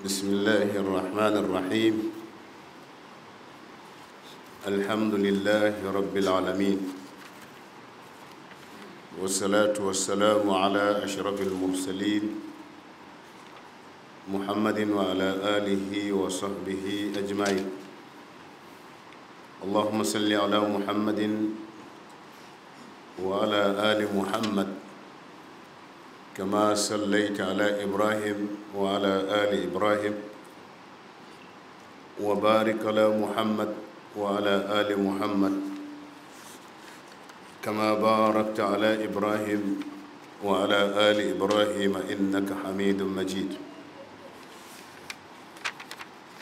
بسم الله الرحمن الرحيم الحمد لله رب العالمين والصلاة والسلام على أشرف المرسلين محمد وعلى آله وصحبه أجمعين اللهم صل على محمد وعلى آل محمد كما صليت على إبراهيم وعلى آل إبراهيم وبارك على محمد وعلى آل محمد كما باركت على إبراهيم وعلى آل إبراهيم إنك حميد مجيد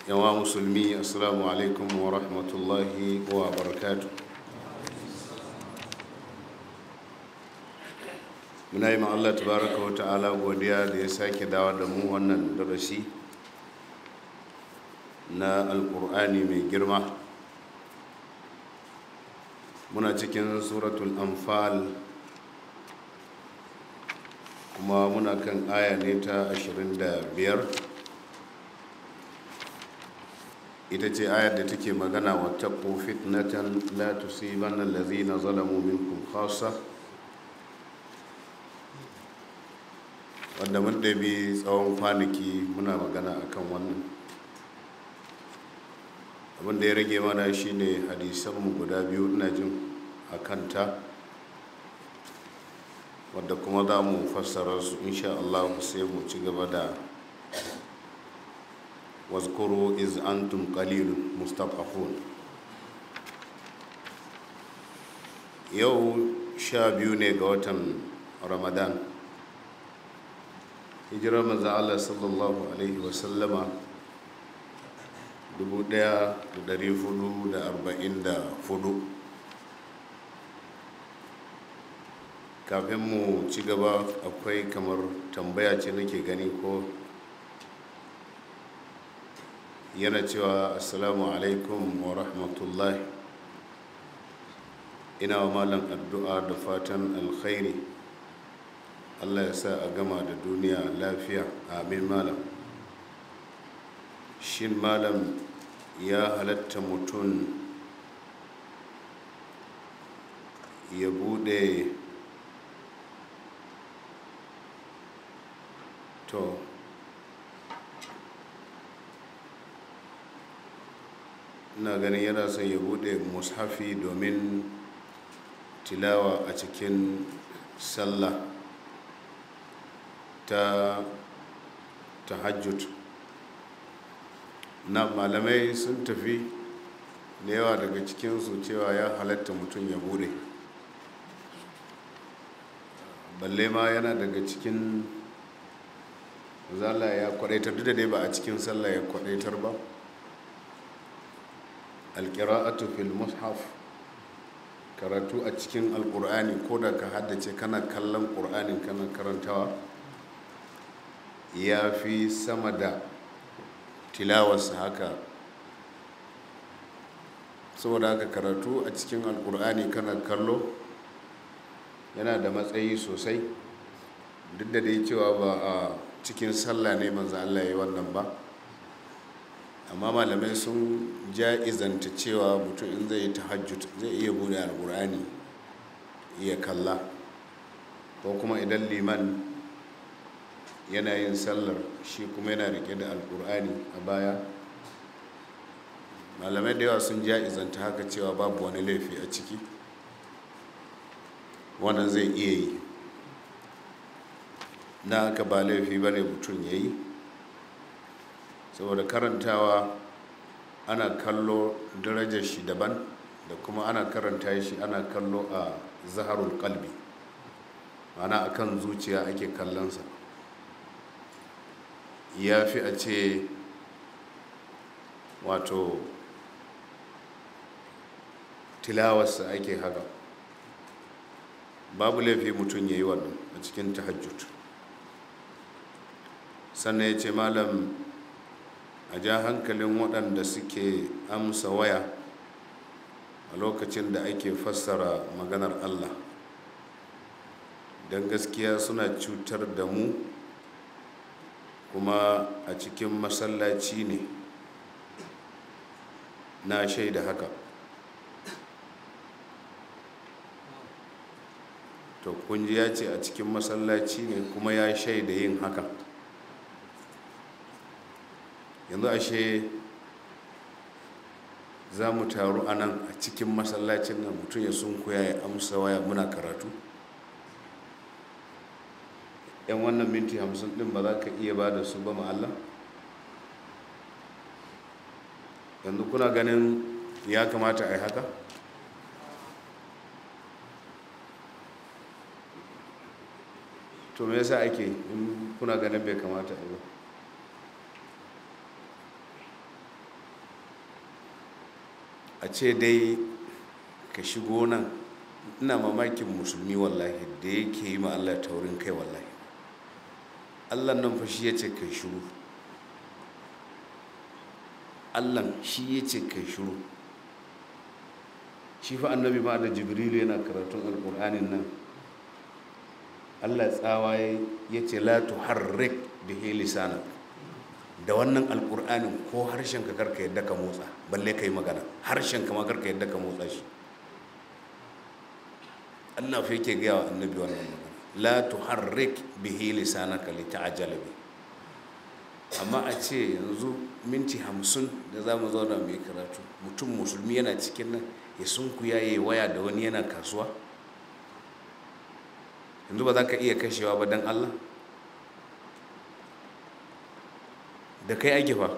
يا مسلمي السلام عليكم ورحمة الله وبركاته muna yi Allah tabaraka wata ta'ala godiya da ya sake dawa da mu wannan darasi na alkur'ani mai girma muna cikin suratul anfal kuma muna kan aya ne ta 25 ita ce ayar da take magana wata ko fitnatan la tusibanna na zalamu minkum khassa wanda mun ɗabi tsawon kwanaki muna magana akan wannan abin da ya rage mana shine hadisanmu guda biyu ina jin a kanta wadda kuma za mu fassara su insha Allah sai mu ci gaba da wazkuru iz antum qalil mustad'afun yau sha biyu ne ga watan ramadan hijirar manzan Allah sallallahu alaihi wasallama 1444 kafin mu ci gaba akwai kamar tambaya ce nake gani ko yana cewa assalamu alaikum wa rahmatullahi ina wa malam addu'a da fatan alkhairi allah ya sa a gama da duniya lafiya amin malam shin malam ya halatta mutum ya bude to ina ganin yana son ya bude mushafi domin tilawa a cikin sallah ta tahajjud na malamai sun tafi da yawa daga cikinsu cewa ya halatta mutum ya bude balle ma yana daga cikin zala ya kwadaitar duk da dai ba a cikin sallah ya kwadaitar ba alkira'atu fil mushaf karatu a cikin Alƙur'ani ko da ka haddace kana kallon ƙur'anin kana karantawa ya fi sama da tilawarsa haka saboda haka karatu a cikin alkur'ani kana kallo yana da matsayi sosai duk da dai cewa ba a cikin sallah ne manzo Allah ya yi wannan ba amma malamai sun ja'izanta cewa mutum in zai yi tahajjud zai iya bude alkur'ani iya kalla ko kuma idan liman yana yin sallar shi kuma yana rike da alkur'ani a baya malamai da yawa sun ja'izanta haka cewa babu wani laifi a ciki wannan zai iya yi na haka ba laifi ba ne mutum ya yi saboda karantawa ana kallo darajar shi daban da kuma ana karanta shi ana kallo a zaharul kalbi mana kan zuciya ake kallonsa ya fi a ce wato tilawarsa ake haka babu laifi mutum ya yi wannan a cikin tahajjud sannan ya ce malam a ja hankalin waɗanda suke amsa waya a lokacin da ake fassara maganar allah don gaskiya suna cutar da mu kuma a cikin masallaci ne na shaida haka to kunji ya ce a cikin masallaci ne kuma ya shaida yin haka yanzu ashe za mu taru anan a cikin masallacin nan mutum ya sun kuya ya amsa waya muna karatu yan wannan minti hamsin din ba za ka iya ba da su ba ma'allah yanzu kuna ganin ya kamata a yi haka to me yasa ake in kuna ganin bai kamata a yi ba a ce dai ka shigo nan ina mamakin musulmi wallahi da yake yi ma Allah taurin kai wallahi allah nan fa shi ya ce kai shuru allah shi ya ce kai shuru shi fa annabi ma da jibrilu yana karatun alƙur'anin nan allah tsawa ya ce la tuharrik bihi lisanak da wannan alƙur'anin ko harshen ka karka yadda ka motsa balle kai magana harshen ka ma karka yadda ka motsa shi allah fa yake gaya wa annabi wannan magana la tuharrik bihi lisanaka lita'jala bi amma a ce yanzu minti hamsin da za mu zauna mai karatu mutum musulmi yana cikin nan ya sunkuya ya yi waya da wani yana kasuwa yanzu ba za ka iya kashewa ba dan allah da kai ake fa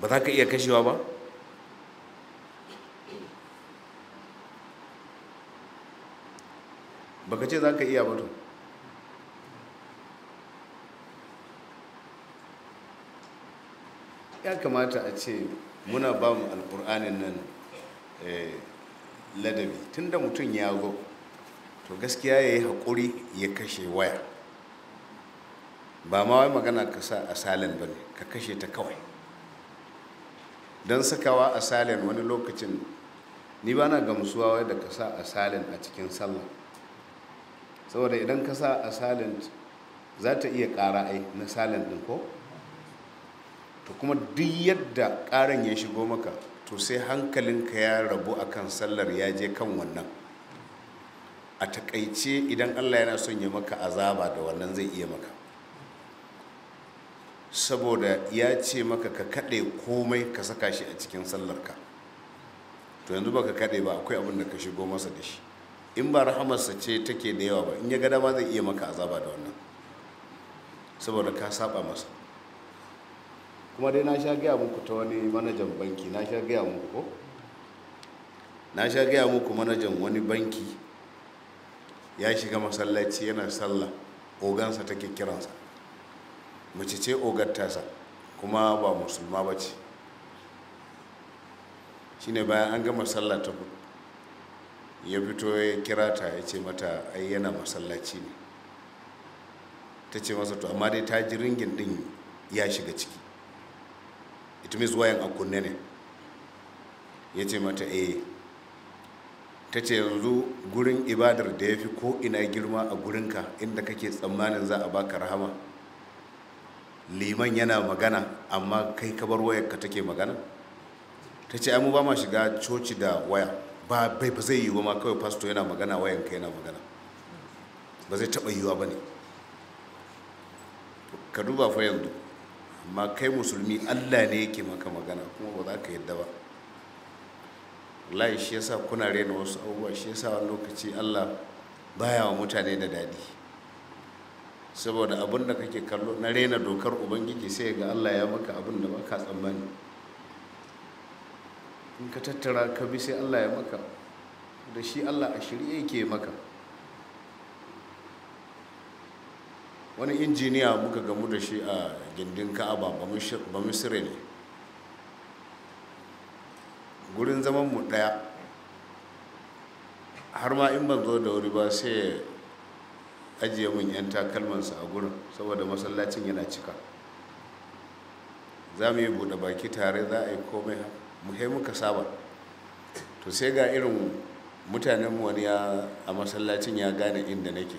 ba za ka iya kashewa ba baka ce za ka iya ba to ya kamata a ce muna ba mu alƙur'anin nan eh, ladabi tunda mutum ya zo to gaskiya ya yi haƙuri ya kashe waya ba ma wai magana ka sa a ba ne ka kashe ta kawai don sakawa a salin wani lokacin ni ba na gamsuwa da ka sa a salin a cikin sallah saboda idan ka sa a silent za ta iya ƙara ai na silent ɗin ko to kuma duk yadda ƙaran ya shigo maka to sai hankalinka ya rabu akan sallar ya je kan wannan a takaice idan allah yana son ya maka azaba da wannan zai iya maka saboda ya ce maka ka kaɗe komai ka saka shi a cikin sallarka to yanzu baka kaɗe ba akwai abin da ka shigo masa da shi in ba rahamarsa ce take da yawa ba in ya ga dama zai iya maka azaba da wannan saboda ka saba masa kuma dai na sha gaya muku ta wani manajan banki na sha gaya muku ko na sha gaya muku manajan wani banki ya shiga masallaci yana sallah ogansa take kiransa mace ce ogar kuma ba musulma ba ce shine bayan an gama sallah ta ya fito ya kira ta ya ce mata ai yana masallaci ne ta ce masa to amma dai ta ji ringin din ya shiga ciki it means wayan a kunne ne ya ce mata eh ta ce yanzu gurin ibadar da ya fi ina girma a gurinka inda kake tsammanin za a baka rahama liman yana magana amma kai kabar wayarka take magana ta ce ai mu ba ma shiga coci da waya ba bai ba zai yi ma kawai fasto yana magana wayanka yana magana ba zai taɓa yiwa ba ne ka duba fa yanzu amma kai musulmi allah ne yake maka magana kuma ba za ka yadda ba wallahi shi yasa kuna rena wasu abubuwa shi yasa wani lokaci allah baya wa mutane da dadi saboda abin da kake kallo na rena dokar ubangiji sai ga allah ya maka abin da ba ka tsammani in ka tattara ka bi sai allah ya maka da shi allah a shirye ke maka wani injiniya muka gamu da shi a gindin ka'aba ba misire ne gurin zamanmu ɗaya har ma in ban zo da wuri ba sai ya ajiye mun 'yan takalmansa a gurin saboda masallacin yana cika za mu yi buɗe baki tare za a yi komai haka mu kai muka saba to sai ga irin mutanenmu wani a masallacin ya gane inda nake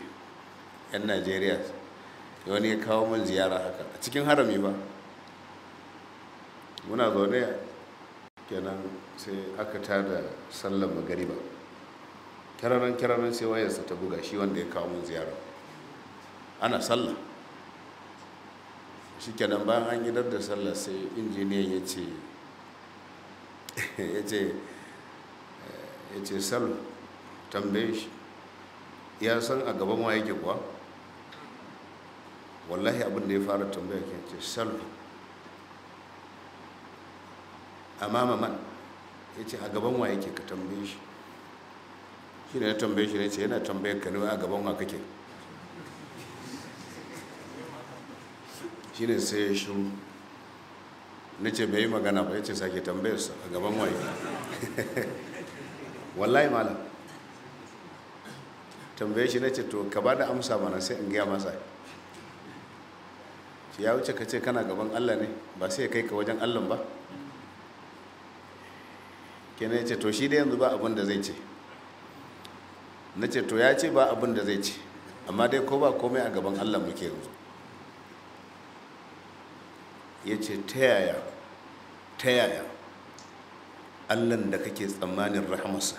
yan najeriya wani ya kawo min ziyara haka a cikin harami ba muna zaune kenan sai aka tada sallar magariba kiranan kiranan sai wayarsa ta buga shi wanda ya kawo min ziyara ana sallah shi kenan bayan an gidar da sallah sai injiniyan ya ce ya ce eh, ya ce sal tambaye shi ya san a gaban wa yake kuwa wallahi abin da ya fara tambaya ke ce sal amama man ya ce a gaban wa yake ka tambaye shi shi ne ya tambaye shi ne ce yana tambaye ka ne a gaban wa kake shi ne sai ya shi na ce bai yi magana ba ya ce sake tambayarsa a gaban waye wallahi malam tambaye shi na ce to ka ba da amsa mana sai in gaya masa shi ya wuce ka ce kana gaban allah ne ba sai kai ka wajen allah ba Kene ce to shi da yanzu ba abin da zai ce na ce to ya ce ba abin da zai ce amma dai ko ba komai a gaban allah muke yanzu ya ce ta yaya ta yaya allan da kake tsammanin rahamarsa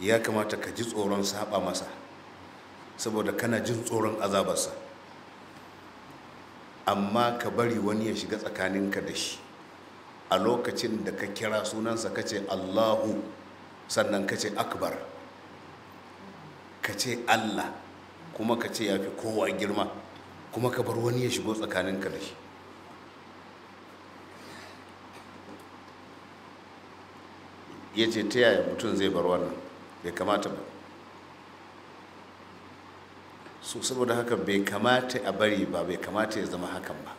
ya kamata ka ji tsoron saba masa saboda kana jin tsoron azabarsa amma ka bari wani ya shiga tsakaninka da shi a lokacin da ka kira sunansa ka ce allahu sannan ka ce akbar ka ce allah kuma ka ce ya fi kowa girma kuma ka bar wani ya shigo tsakaninka da shi ya ce ta yaya mutum zai bar wannan bai kamata ba so saboda haka bai kamata a bari ba bai kamata ya zama hakan ba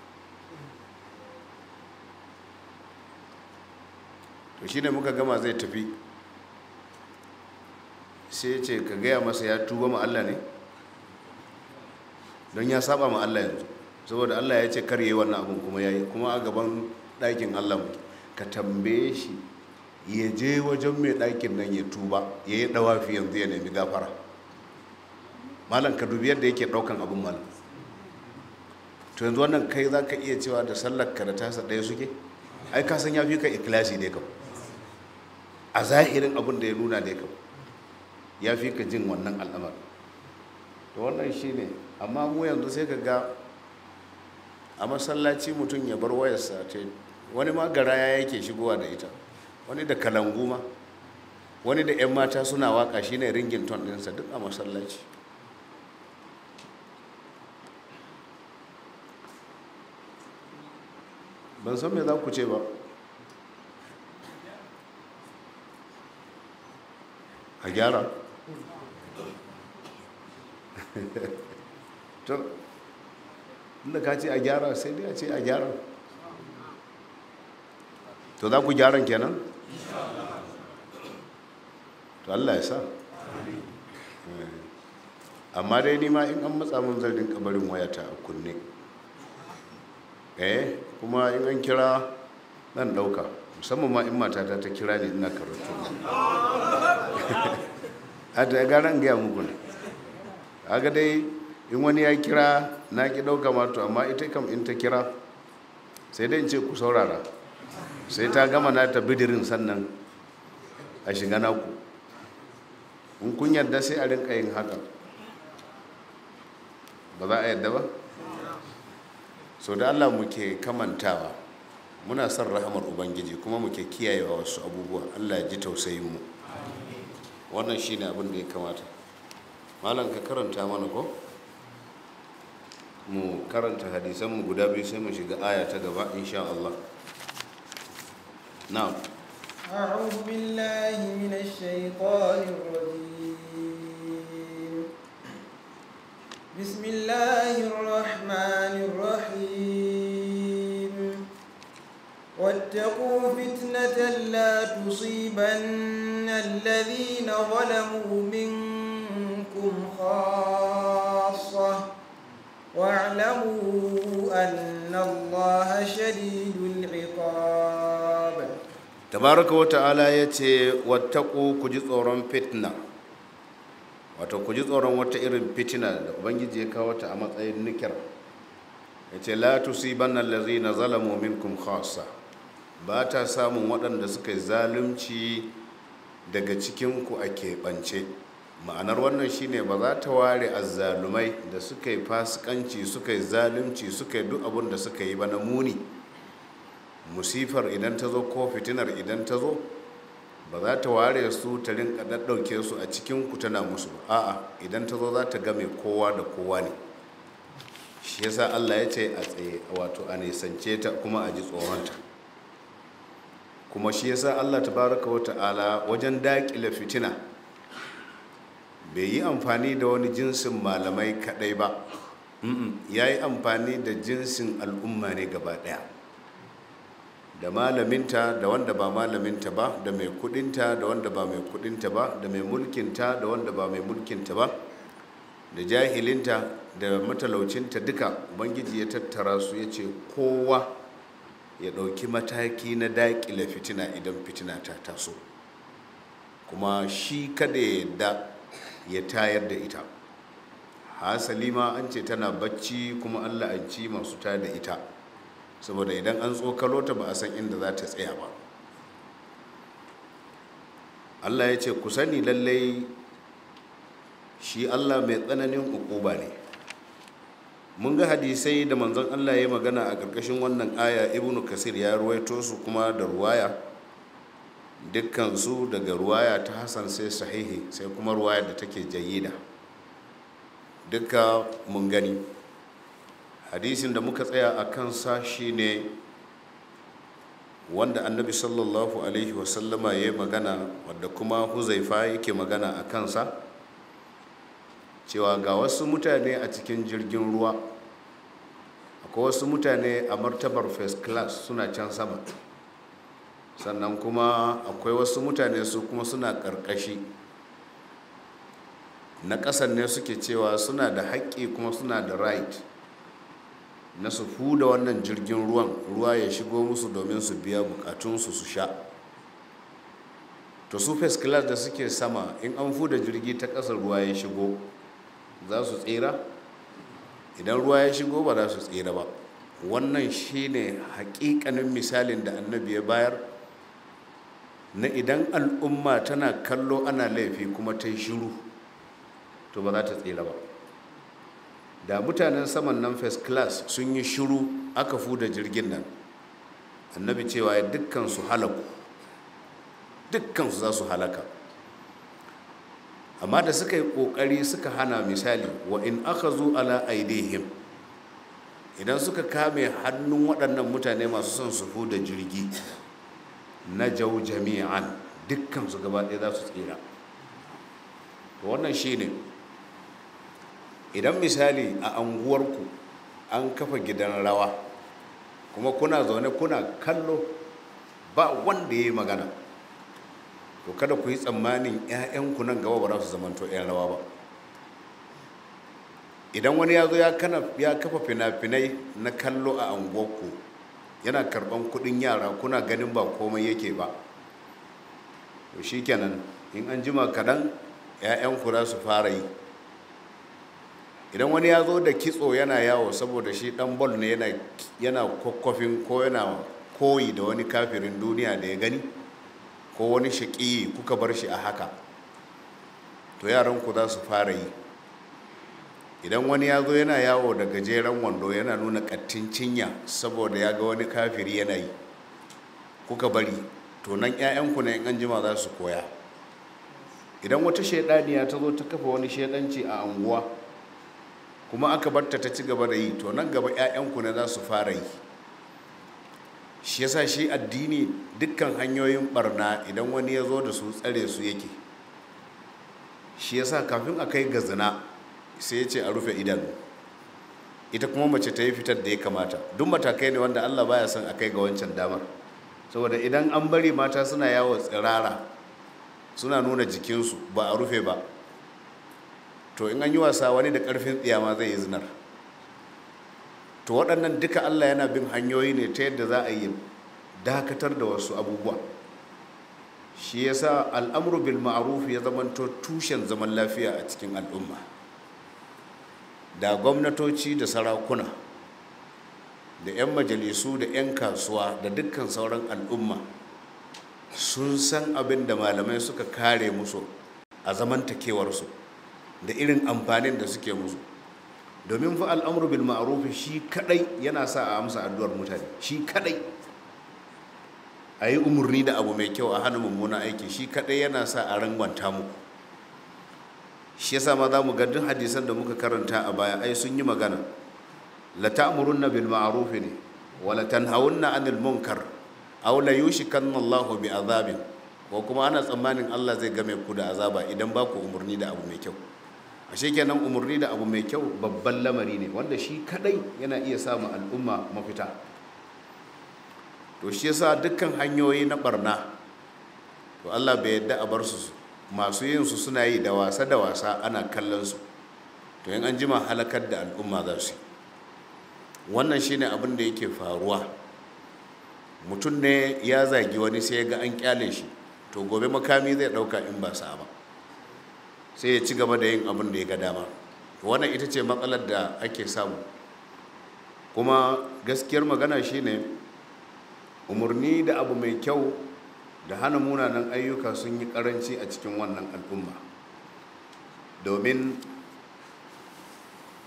to shi ne muka gama zai tafi sai ce ka gaya masa ya tuba ma Allah ne don ya saba ma Allah yanzu saboda Allah ya ce karye wannan abin kuma ya yi kuma a gaban ɗakin Allah ka tambaye shi ya je wajen mai ɗakin nan ya tuba ya yi ɗawafi yanzu ya nemi gafara malam ka dubi yadda yake ɗaukan abin malam to yanzu wannan kai za ka iya cewa da sallar ka da tasa ɗaya suke ai ka san ya fi ka ikilasi ne kam a zahirin abin da ya nuna ne kam ya fi ka jin wannan al'amari to wannan shi ne amma mu yanzu sai ka ga a masallaci mutum ya bar wayarsa ta wani ma gara ya yake shigowa da ita wani da kalangu ma wani da 'yan mata suna waka shi ne ringin ton ɗinsa duk a masallaci ban san me za ku ce ba a gyara to inda ka ce a gyara sai dai a ce a gyara to za ku gyaran kenan to Allah ya sa eh. amma dai ma in an matsa mun zargin kabarin barin wayata a kunne eh kuma in an kira nan dauka musamman ma in matata ta kira ne ina karatu a da garan gaya muku ne aga dai in wani ya kira na ki ɗauka mato amma ita kam in ta kira sai dai in ce ku saurara sai ta gama na ta bidirin sannan a shiga naku in kun yarda sai a rinka yin haka ba za a yarda ba sau da allah muke kamantawa muna son rahamar ubangiji kuma muke kiyayewa wasu abubuwa allah ya ji tausayinmu wannan shi ne abin da ya kamata malam ka karanta mana ko mu karanta hadisan mu guda biyu sai mu shiga aya ta gaba insha Allah na'am a'udhu billahi minash shaitanir rajim bismillahir rahmanir rahim wattaqu fitnatan la tusibanna alladhina zalamu minkum بكم خاصة واعلموا أن الله شديد العقاب تبارك وتعالى يتي واتقوا كجزء فتنة wato ku ji tsoron wata irin fitina da ubangiji ya kawo ta a matsayin nikira ya ce la tusiban allazi na zalamu minkum khassa ba ta samun waɗanda suka yi zalunci daga ku a keɓance ma'anar wannan shine ba za ta ware azzalumai da suka yi fasikanci suka yi zalunci suka yi duk abin da suka yi ba na muni musifar idan ta zo ko fitinar idan ta zo ba za ta ware su ta rinka ɗaɗɗauke su a cikin ku tana musu ba a'a idan ta zo za ta game kowa da kowa ne shi yasa Allah ya ce a tsaye wato a nisance ta kuma a ji tsoronta kuma shi yasa Allah tabaraka baraka Wata'ala wajen daƙile fitina bai yi amfani da wani jinsin malamai kadai ba ya yi amfani da jinsin al'umma ne gaba daya da malaminta da wanda ba malaminta ba da mai kudinta da wanda ba mai kudinta ba da mai mulkinta da wanda ba mai mulkinta ba da jahilinta da matalaucinta duka Bangiji ya tattara su ya ce kowa ya ɗauki mataki na daƙila fitina idan fitina ta taso kuma shi kada ya yadda ya tayar da ita hasali ma an ce tana bacci kuma allah an ci masu ta da ita saboda idan an tsokalo ta ba a san inda za ta tsaya ba allah ya ce ku sani lallai shi allah mai tsananin ukuba ne mun ga hadisai da manzon allah ya magana a ƙarƙashin wannan aya ibnu kasir ya ruwaito su kuma da ruwaya dukkansu daga ruwaya ta Hassan sai sahihi sai kuma ruwaya da take jayida duka mun gani hadisin da muka tsaya a kansa ne. wanda annabi sallallahu alaihi wasallama ya yi magana wadda kuma huzaifa yake magana a kansa cewa ga wasu mutane a cikin jirgin ruwa akwai wasu mutane a martabar first class suna can sama sannan kuma akwai wasu mutane su kuma suna ƙarƙashi na ƙasan ne suke cewa suna da haƙƙi kuma suna da right na su huda wannan jirgin ruwan ruwa ya shigo musu domin su biya bukatunsu su sha to su first class da suke sama in an fuda jirgi ta ƙasar ruwa ya shigo za su tsira idan ruwa ya shigo ba za su tsira ba wannan shine haƙiƙanin misalin da annabi ya bayar na idan al'umma tana kallo ana laifi kuma ta shiru to ba za ta tsira ba da mutanen saman nan first class sun yi shiru aka fu da jirgin nan annabi cewa ya dukkan su halaku dukkan su za su halaka amma da suka yi kokari suka hana misali wa in aka zo ala aidihim idan suka kame hannun waɗannan mutane masu son su fu da jirgi na jau jami'an dukkan su gaba ɗaya za su tsira to wannan shi ne idan misali a anguwarku an kafa gidan rawa kuma kuna zaune kuna kallo ba wanda ya yi magana to kada ku yi tsammanin 'ya'yanku nan gaba ba za su zamanto 'yan rawa ba idan wani ya zo ya kafa fina-finai na kallo a anguwarku yana karban kudin yara kuna ganin ba komai yake ba to shikenan in an jima kadan ƴaƴan ku za su fara yi idan wani ya zo da kitso yana yawo saboda shi dan bol ne yana yana kokkofin ko yana koyi da wani kafirin duniya da ya gani ko wani shaƙi kuka bar shi a haka to yaran ku za su fara yi idan wani ya zo yana yawo da gajeren wando yana nuna kattin cinya saboda ya ga wani kafiri yanayi. kuka bari to nan 'ya'yanku na yan jima za su koya idan wata shaidaniya ta zo ta kafa wani shaidanci a anguwa kuma aka barta ta ci gaba da yi to nan gaba 'ya'yanku na za su fara yi shi yasa shi addini dukkan hanyoyin barna idan wani ya zo da su tsare su yake shi yasa kafin a kai ga zina sai ya ce a rufe idan ita kuma mace ta yi fitar da ya kamata duk matakai ne wanda allah baya son a kai ga wancan damar saboda idan an bari mata suna yawo tsirara suna nuna jikinsu ba a rufe ba to in an yi wasa wani da karfin tsiyama zai yi zinar to waɗannan duka allah yana bin hanyoyi ne ta yadda za a yi dakatar da wasu abubuwa shi yasa al'amru bil ma'ruf ya zamanto tushen zaman lafiya a cikin al'umma da gwamnatoci da sarakuna da 'yan majalisu da 'yan kasuwa da dukkan sauran al'umma sun san abin da malamai suka kare musu a zamantakewarsu da irin amfanin da suke musu domin fa al'amuru bil ma'arufi shi kadai yana sa a amsa addu'ar mutane shi kadai a yi umarni da abu mai kyau a hannun mummuna aiki shi kadai yana sa a rangwanta muku shi yasa ma za mu ga duk hadisan da muka karanta a baya ai sun yi magana la ta'murunna bil ma'ruf ne wa la tanhawunna 'anil munkar aw la yushikanna Allahu bi azabin ko kuma ana tsammanin Allah zai game ku da azaba idan ba ku umurni da abu mai kyau ashe kenan umurni da abu mai kyau babban lamari ne wanda shi kadai yana iya samu al'umma mafita to shi yasa dukkan hanyoyi na barna to Allah bai yadda a bar su masu yin su suna yi da wasa da wasa ana kallon su to in an jima halakar da al'umma za su wannan shine abin da yake faruwa mutum ne ya zagi wani sai ya ga an kyale shi to gobe makami zai dauka in ba sa ba sai ya ci gaba da yin abin da ya ga dama wannan ita ce matsalar da ake samu kuma gaskiyar magana shine umarni da abu mai kyau da hana munanan ayyuka sun yi karanci a cikin wannan al'umma domin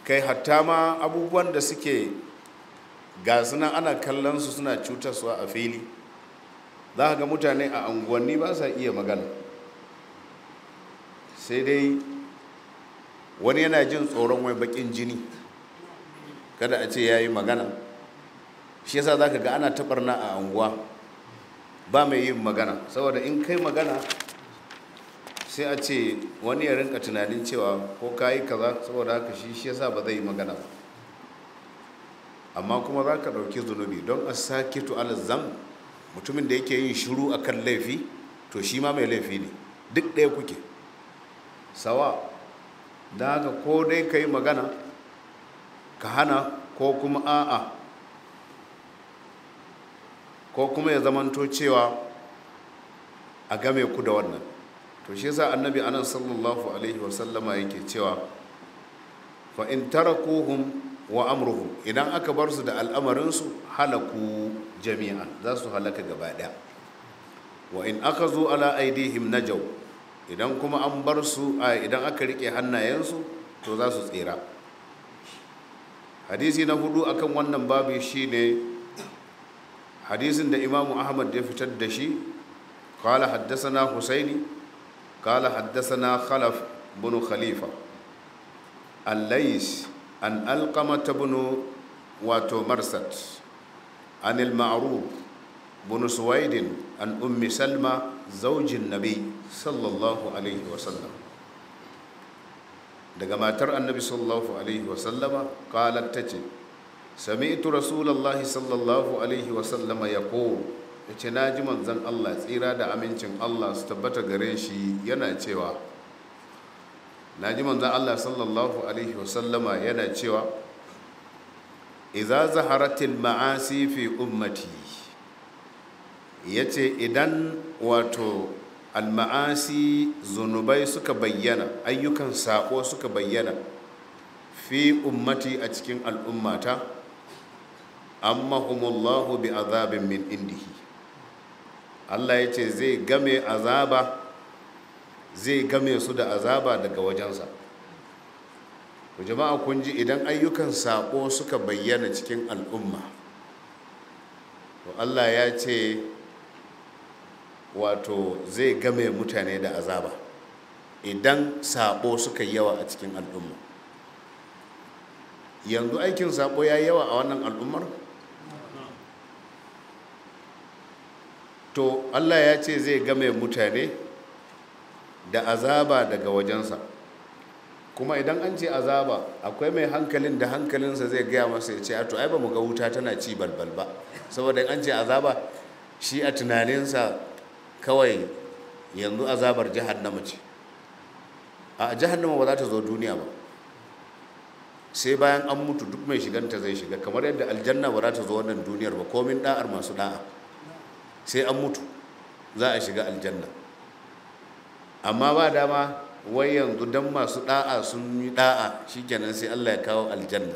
kai hatta ma abubuwan da suke ga suna ana kallon su suna cutarwa a fili za ga mutane a unguwanni ba sa iya magana sai dai wani yana jin tsoron wai bakin jini kada a ce ya yi magana shi yasa za ka ga ana taɓarna a unguwa ba mai yin magana saboda in kai magana sai a ce wani ya rinka tunanin cewa ko ka yi kaza saboda haka shi shi yasa ba zai yi magana ba amma kuma za ka ɗauki zunubi don a sake ala zam mutumin da yake yin shiru a kan laifi to shi ma mai laifi ne duk ɗaya kuke sawa da haka ko dai ka yi magana ka hana ko kuma a'a ko kuma ya zamanto cewa a game ku da wannan to shi yasa annabi anan sallallahu alaihi wa sallama yake cewa fa in tarakuhum wa amruhum idan aka bar su da al'amarin al'amarinsu halaku jami'an za su halaka gaba ɗaya wa in aka zo ala aidihim najaw idan kuma an bar su a idan aka rike hannayensu to za su tsira hadisi na hudu akan wannan babu shine hadisin da imamu ahmad ya fitar da shi kala haddasana husaini kala haddasana khalaf bin khalifa allais an alqamata marsat an maruf bin an ummi salma zaujin nabi daga matar annabi sallallahu ta ce sami'tu rasulullahi sallallahu alaihi wasallama ya ya ce na ji allah tsira da amincin allah su tabbata gare shi yana cewa na ji allah sallallahu alaihi wasallama yana cewa iza zaharatil ma'asi fi ummati ya ce idan wato al al-ma'asi zunubai suka bayyana ayyukan sako suka bayyana fi ummati a cikin al'ummata ammahumullahu bi azabin min indihi Allah ya ce zai game azaba zai game su da azaba daga wajensa jama'a kun ji idan ayyukan saƙo suka bayyana cikin al'umma to Allah ya ce wato zai game mutane da azaba idan saƙo suka yawa a cikin al'umma yanzu aikin saƙo ya yawa a wannan al'ummar to allah ya ce zai game mutane da azaba daga wajensa kuma idan an ce azaba akwai mai hankalin da hankalinsa zai gaya masa ya ce a to ai ba mu ga wuta tana ci balbal ba saboda an ce azaba shi a tunaninsa kawai yanzu azabar jahannama ce a jahannama ba za ta zo duniya ba sai bayan an mutu duk mai shiganta zai shiga kamar yadda aljanna ba za ta zo wannan duniyar ba komin da'ar masu da'a sai an mutu za a shiga aljanna amma ba dama wai yanzu don masu da'a sun yi da'a shikenan sai Allah ya kawo aljanna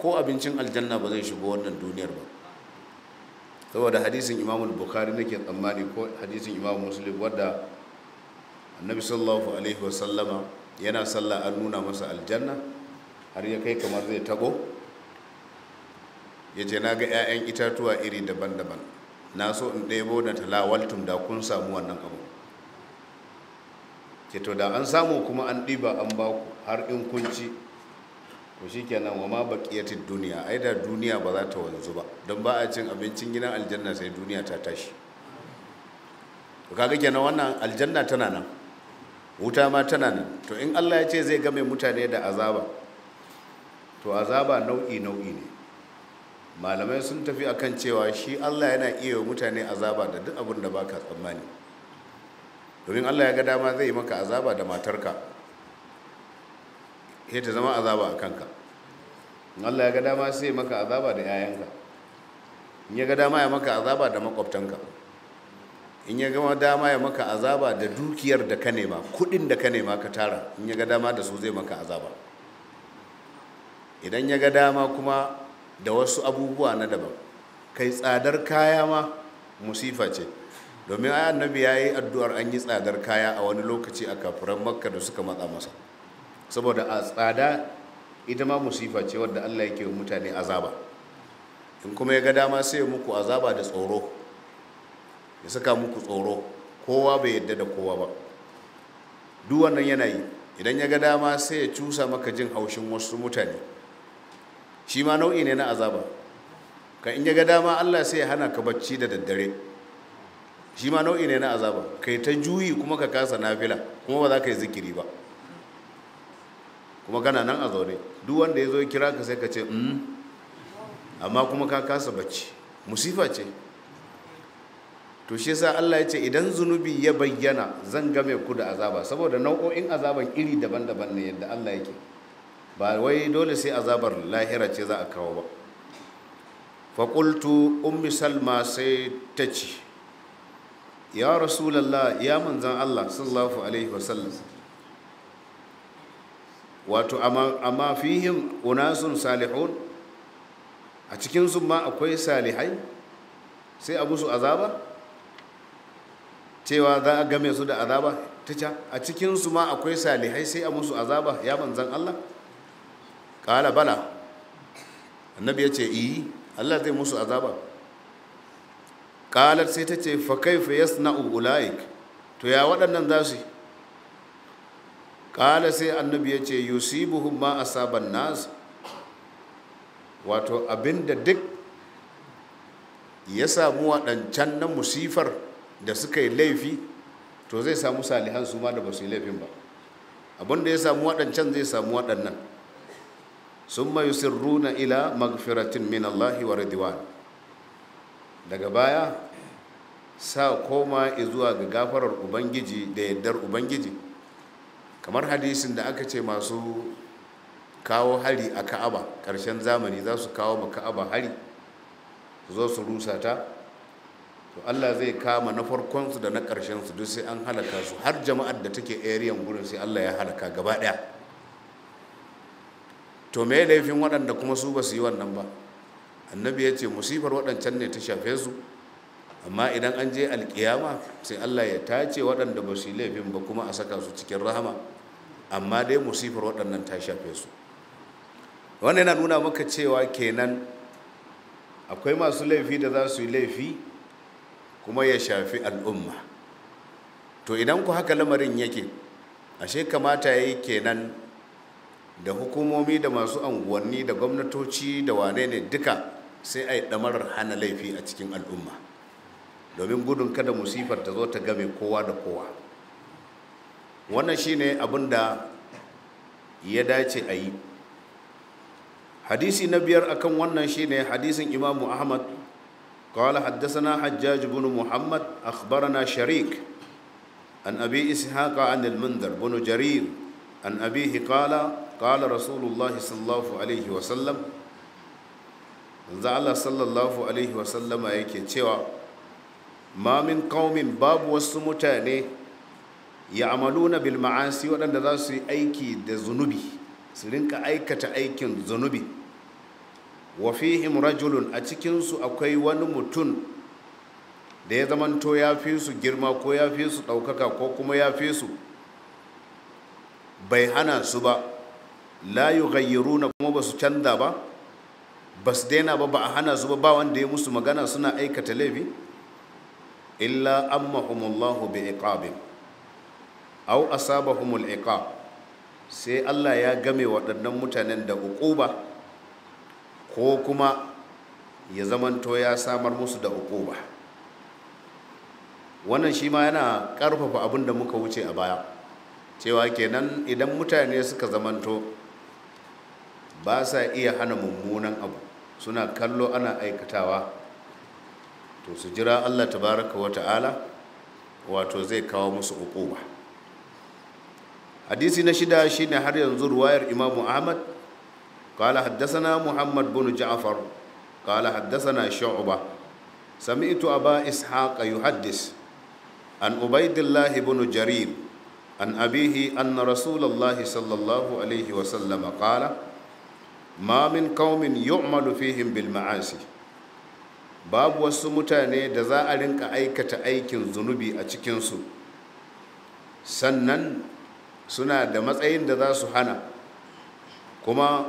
ko abincin aljanna ba zai shigo wannan duniyar ba saboda hadisin imamu bukhari nake tsammani ko hadisin imamu muslim wadda annabi sallallahu alaihi wasallama yana sallah an nuna masa aljanna har ya kai kamar zai tabo ya ce na ga 'ya'yan itatuwa iri daban-daban na so in ɗebo da talawaltum da kun samu wannan abu ke to da an samu kuma an ɗiba an ba ku har in kun ci ku shi kenan wa ma baƙiyatin duniya ai da duniya ba za ta wanzu ba don ba a cin abincin gidan aljanna sai duniya ta tashi kaga kenan wannan aljanna tana nan wuta ma tana nan to in allah ya ce zai game mutane da azaba to azaba nau'i nau'i ne malamai sun tafi akan cewa shi Allah yana iya mutane azaba da duk abin da baka tsammani domin Allah ya ga dama zai yi maka azaba da matarka sai ta zama azaba a kanka Allah ya ga dama sai maka azaba da yayanka in ya ga dama ya maka azaba da makwabtanka in ya ga dama ya maka azaba da dukiyar da ka nema kudin da ka nema ka tara in ya ga dama da su zai maka azaba idan ya ga dama kuma da wasu abubuwa na daban kai tsadar kaya ma musifa ce domin ai annabi ya yi addu'ar an yi tsadar kaya a wani lokaci a kafuran makka da suka matsa masa saboda a tsada ita ma musifa ce wadda allah yake wa mutane azaba in kuma ya ga dama sai muku azaba da tsoro ya saka muku tsoro kowa bai yadda da kowa ba duk wannan yana idan ya ga dama sai ya cusa maka jin haushin wasu mutane shi ma nau'i ne na azaba ka in ga dama Allah sai ya hana ka bacci da daddare shi ma nau'i ne na azaba kai ta juyi kuma ka kasa nafila kuma ba za ka yi zikiri ba kuma kana nan a zaune duk wanda ya zo kira ka sai ka ce mm. amma kuma ka kasa bacci musifa ce to shi yasa Allah ya ce idan zunubi ya bayyana zan game ku da azaba saboda nau'o'in azaban iri daban-daban ne yadda Allah yake ba wai dole sai azabar lahira ce za a kawo ba faƙultu ummi salma sai ta ce ya rasulallah ya manzan allah sallallahu alaihi wasallam wato amma fihim unasun salihun a cikinsu ma akwai salihai sai a musu azaba cewa za a game su da azaba ta a cikinsu ma akwai salihai sai a musu azaba ya manzan allah ƙala bala annabi ya ce iyi allah zai musu azaba ƙalar sai ta ce fa kaifa na ulaik to ya waɗannan za su ƙala sai annabi ya ce yusibuhum ma asaban nas wato abinda duk ya samu waɗancan na musifar da suka yi laifi to zai samu salihan su ma da ba su yi laifin ba abinda ya samu waɗancan zai samu waɗannan summa yusirruna ila magfiratin min Allah wa radiwan daga baya sa koma zuwa ga gafarar ubangiji da yaddar ubangiji kamar hadisin da aka ce masu kawo hari a ka'aba karshen zamani za su kawo ma ka'aba hari su zo su rusa ta to Allah zai kama na farkon su da na ƙarshensu duk sai an halaka su har jama'ar da take ariyan gurin sai Allah ya halaka gaba daya. to me laifin waɗanda kuma su ba su yi wannan ba annabi ya ce musifar waɗancan ne ta shafe su amma idan an je alkiyama sai allah ya tace waɗanda ba su yi laifin ba kuma a saka su cikin rahama amma dai musifar waɗannan ta shafe su wannan yana nuna maka cewa kenan akwai masu laifi da za su yi laifi kuma ya shafi al'umma to idan ku haka lamarin yake ashe kamata ya yi kenan da hukumomi da masu anguwanni da gwamnatoci da wane ne duka sai a yi ɗamarar hana laifi a cikin al'umma domin gudun kada musifar ta zo ta game kowa da kowa wannan shine abin da ya dace a yi hadisi na biyar akan wannan shine hadisin imamu ahmad قال حدثنا حجاج بن محمد أخبرنا شريك عن أبي إسحاق عن المنذر بن جرير عن أبيه قال قال رسول الله صلى الله عليه وسلم Allah sallallahu alaihi wasallama yake cewa ma min qaumin babu wasu mutane ya amaluna bil ma'asi waɗanda za su yi aiki da zunubi su rinka aikata aikin zunubi wa fihim rajulun a cikinsu akwai wani mutum da ya zamanto ya fi su girma ko ya fi su ɗaukaka ko kuma ya fi su bai hana su ba la na kuma ba su canza ba ba su daina ba ba a hana su ba ba wanda ya musu magana suna aikata laifi illa ammahumullahu bi iqabin saba asabahumul iqab sai Allah ya game waɗannan mutanen da uquba ko kuma ya zamanto ya samar musu da uquba wannan shi ma yana ƙarfafa abin da muka wuce a baya cewa kenan idan mutane suka zamanto ba sa iya hana mummunan abu suna kallo ana aikatawa to su jira allah tabaraka wa ta'ala wato zai kawo musu hukuma hadisi na shida shine har yanzu ruwayar Imam ahmad kala haddasana muhammad bin ja'far kala haddasana shu'ba sami'tu aba ishaq yuhaddis an ubaidillah ibn jarir an abihi anna rasulullah sallallahu alaihi wa sallam ma min yi yu'malu fihim bil ma'asi babu wasu mutane da za a rinka aikata aikin zunubi a cikinsu sannan suna da matsayin da za su hana kuma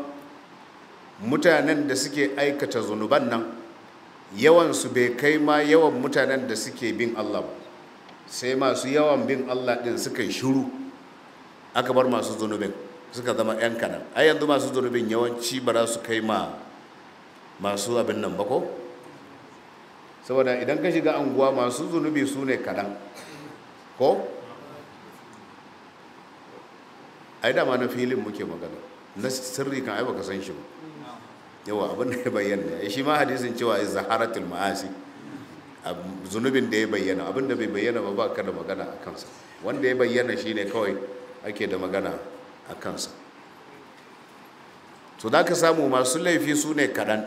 mutanen da suke aikata zunuban nan yawan su bai kai ma yawan mutanen da suke bin allah ba sai masu yawan bin allah ɗin suka yi shiru aka bar masu zunubin suka zama 'yan kanan ai yanzu masu zunubin yawanci ba za su kai ma masu abin nan ba ko saboda idan ka shiga anguwa masu zunubi su ne kadan ko ai dama na filin muke magana na sirri kan ai baka san shi ba yawa abin da ya bayyana ya shi ma hadisin cewa zaharatul ma'asi zunubin da ya bayyana abin da bai bayyana ba ba ka da magana a kansa wanda ya bayyana shi ne kawai ake da magana a kansa to za ka samu masu laifi su ne kaɗan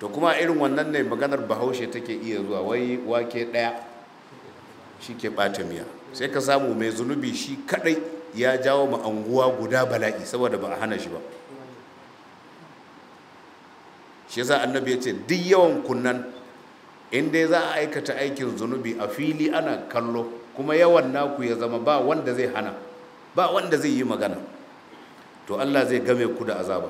to kuma irin wannan ne maganar bahaushe take iya zuwa wai wake ɗaya shi ke ɓata miya sai ka samu mai zunubi shi kaɗai ya jawo ma anguwa guda bala'i saboda ba a hana shi ba shi za annabi ya ce duk yawan kunnan inda za a aikata aikin zunubi a fili ana kallo kuma yawan naku ya zama ba wanda zai hana ba wanda zai yi magana to Allah zai game ku da azaba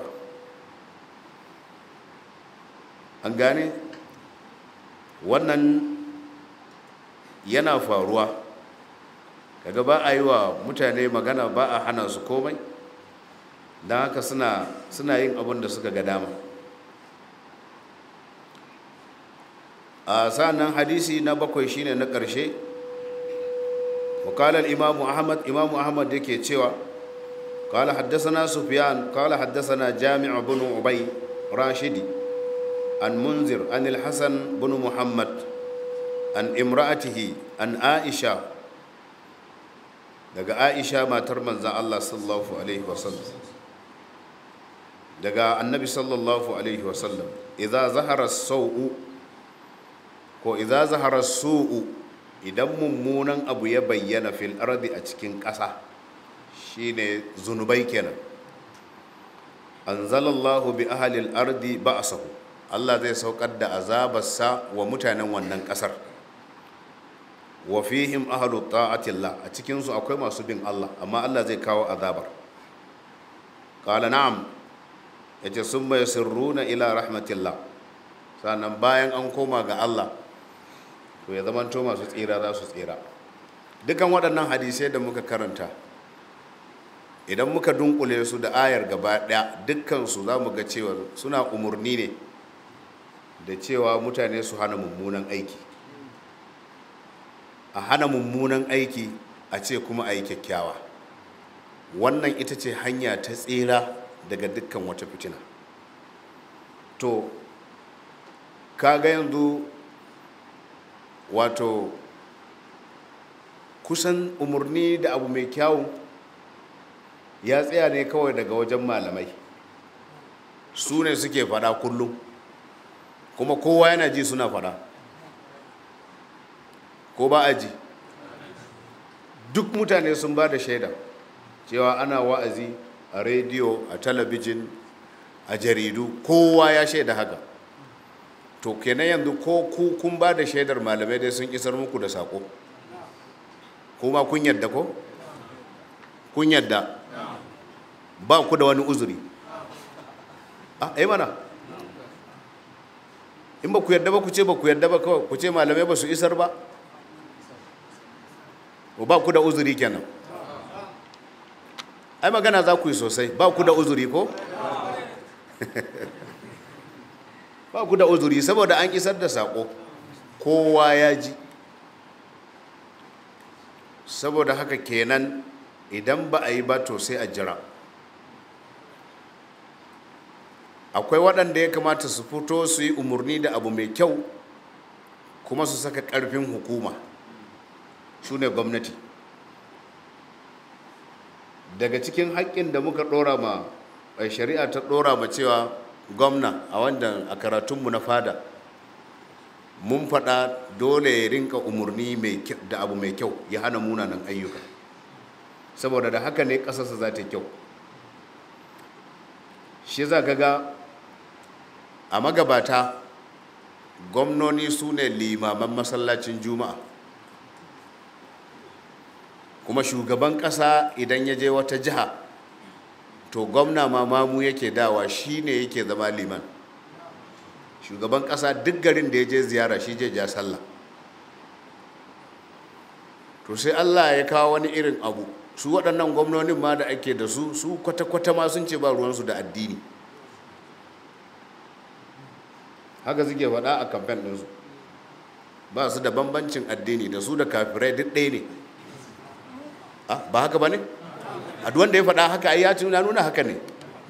an gane wannan yana faruwa kaga ba a yi wa mutane magana ba a hana su komai don haka suna, yin abin da suka ga dama a nan hadisi na bakwai shine na ƙarshe wa qala al-imam ahmad imam yake cewa sufyan qala haddathana jami' rashidi an munzir an al-hasan ibn muhammad an imra'atihi an annabi sallallahu alaihi su'u idan mummunan abu ya bayyana fil ardi a cikin ƙasa shine zunubai kenan anzalallahu bi ahalil ardi ba'sahu Allah zai saukar da azabarsa wa mutanen wannan ƙasar wa fihim ahlu ta'atillah a cikin su akwai masu bin Allah amma Allah zai kawo azabar qala na'am yace summa yasirruna ila rahmatillah sannan bayan an koma ga Allah to ya zamanto masu tsira za su tsira dukan waɗannan hadisai da muka karanta idan muka dunkule su da ayar gaba ɗaya dukkansu za mu ga cewa suna umarni ne da cewa mutane su hana mummunan aiki a hana mummunan aiki a ce kuma a yi kyakkyawa wannan ita ce hanya ta tsira daga dukkan wata fitina to ka ga yanzu wato kusan umarni da abu mai kyawun ya tsaya ne kawai daga wajen malamai su ne suke fada kullum kuma kowa yana ji suna fada ko ba a ji duk mutane sun ba da shaida cewa ana wa'azi a rediyo a talabijin a jaridu kowa ya shaida haka to kenan yanzu ko ku kun ba da shaidar malamai dai sun isar muku da sako kuma kun yadda ko kun yadda ba ku da wani uzuri a ah, yi eh mana in ba ku yadda ba ku ce ba ku yadda ba kawai ku ce malamai ba su isar ba ba ku da uzuri kenan ai magana za ku yi sosai ba ku da uzuri ko ba ku da uzuri saboda an isar da sako kowa ya ji saboda haka kenan idan ba a yi ba to sai a jira akwai waɗanda ya kamata su fito su yi umarni da abu mai kyau kuma su saka ƙarfin hukuma su ne gwamnati daga cikin haƙƙin da muka ɗora ma eh, shari'a ta ɗora ma cewa gwamna a wanda a karatunmu na fada mun faɗa dole ya rinka umarni da abu mai kyau ya hana munanan ayyuka saboda da haka ne ƙasarsa za ta kyau shi za ka ga a magabata gwamnoni su ne limaman masallacin juma'a kuma shugaban ƙasa idan ya je wata jiha to gwamna ma mamu yake dawa shi ne yake zama liman shugaban ƙasa duk garin da ya je ziyara shi je ja sallah to sai allah ya kawo wani irin abu su waɗannan gwamnonin ma da ake da su su kwata-kwata ma sun ce ba ruwansu da addini haka suke faɗa a kamfen ɗinsu ba su da bambancin addini da su da kafirai duk ɗaya ne ah, ba haka ba ne a duk wanda ya faɗa haka ai ya tuna nuna haka ne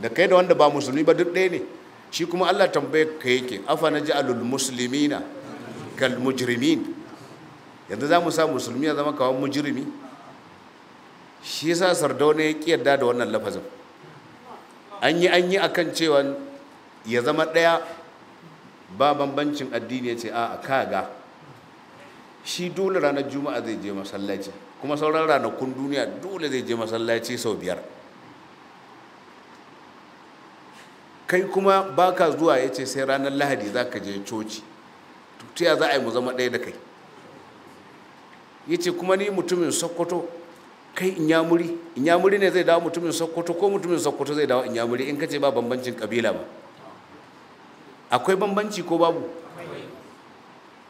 da kai da wanda ba musulmi ba duk ɗaya ne shi kuma Allah tambaye ka yake afa ja'alul muslimina kal mujrimin yanzu za mu sa musulmi ya zama kawai mujrimi shi yasa sardauna ya ki yarda da wannan lafazin an yi an yi akan cewa ya zama ɗaya ba bambancin addini ya ce a kaga shi dole ranar juma'a zai je masallaci kuma sauran ranakun duniya dole zai je masallaci sau biyar kai kuma baka zuwa ya ce sai ranar lahadi za ka je coci tuya za a yi mu zama ɗaya da kai ya ce kuma ni mutumin sokoto kai inyamuri inyamuri ne zai dawo mutumin sokoto ko mutumin sokoto zai dawo inyamuri in ka ce ba bambancin kabila ba akwai bambanci ko babu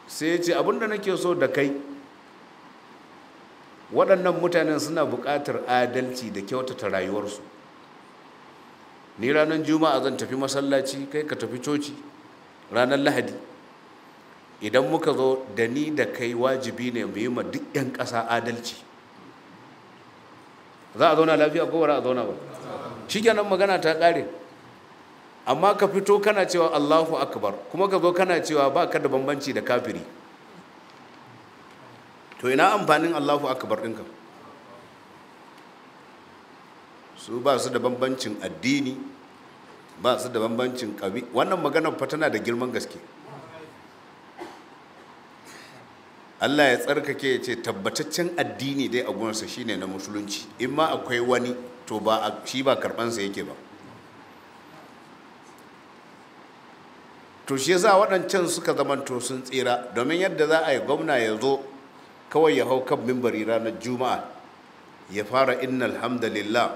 sai ya ce abinda nake so da kai waɗannan mutanen suna buƙatar adalci da kyautata rayuwarsu ni ranar juma'a zan tafi masallaci kai ka tafi coci ranar lahadi idan muka zo da ni da kai wajibi ne mu yi ma duk 'yan ƙasa adalci za a zauna lafiya ko wara a zauna ba shi magana ta ƙare amma ka fito kana cewa allahu akbar kuma ka zo kana cewa ba ka da bambanci da kafiri to ina amfanin allahu akbar ɗinka su ba su da bambancin addini ba su da bambancin ƙabi wannan maganar fa tana da girman gaske allah ya tsarkake ya ce tabbataccen addini dai a gunarsa shine na musulunci in ma akwai wani to ba shi ba karɓansa yake ba to shi yasa waɗancan suka zamanto sun tsira domin yadda za a yi gwamna ya zo kawai ya hau kan mimbari ranar juma'a ya fara innal hamdalillah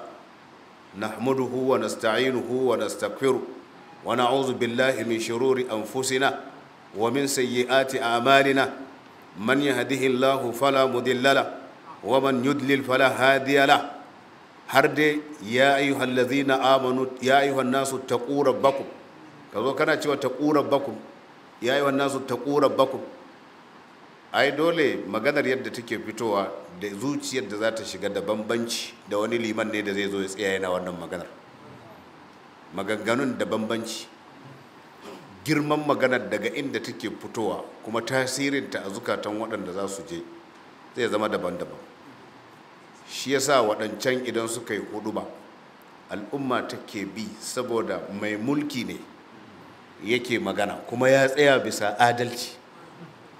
nahmaduhu wa nasta'inuhu wa nastaghfiruh wa na'udhu billahi min shururi anfusina wa min sayyiati a'malina man yahdihillahu fala mudilla wa man yudlil fala hadiya har dai ya ayyuhal amanu ya ayyuhan nasu kazo kana cewa taqu ya ayyuhan nasu ai dole maganar yadda take fitowa da zuciyar da za ta shiga da bambanci da wani liman ne da zai zo ya tsaya yana wannan maganar maganganun da bambanci girman maganar daga inda take fitowa kuma tasirinta a zukatan waɗanda za su je zai zama daban-daban shi ya sa waɗancan idan suka yi ba al'umma take bi saboda mai mulki ne yake magana kuma ya tsaya bisa adalci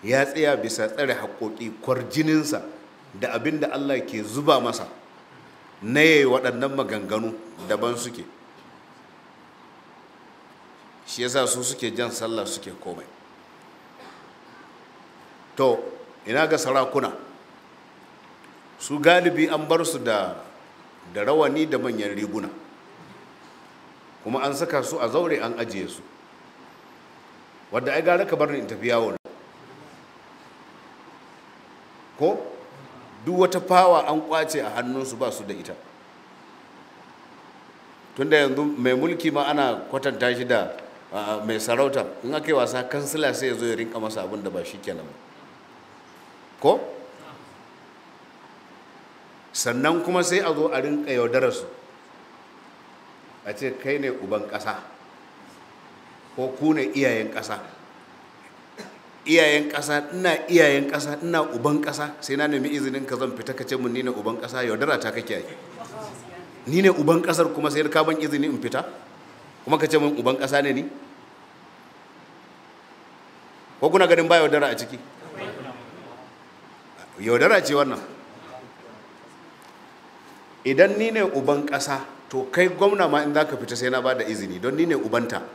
ya tsaya bisa tsare haƙoƙi kwarjininsa da abin da Allah ke zuba masa na yayi waɗannan maganganu daban suke shi yasa su suke jan sallah suke komai to ina ga sarakuna su galibi an bar su da da rawani da manyan riguna kuma an saka su a zaure an ajiye su wadda ai gara ka bar ni in tafi yawo ko duk wata fawa an kwace a hannunsu ba su da ita tunda yanzu mai mulki ma ana kwatanta shi da mai sarauta in aka yi wasa kansila sai ya zo ya rinka masa abin da ba shi kenan ko sannan kuma sai a zo a rinka yaudararsu a ce kai ne uban ƙasa ko ku ne iyayen ƙasa iyayen ƙasa ina iyayen ƙasa ina uban ƙasa sai na nemi izinin ka zan fita ka ce mun ni ne uban ƙasa yaudara ta kake yi ni ne uban ƙasar kuma sai ka ban izini in fita kuma ka ce mun uban ƙasa ne ni ko kuna ganin ba yaudara a ciki yaudara ce wannan idan ni ne uban ƙasa to kai gwamna ma in za ka fita sai na ba da izini don ni ne ubanta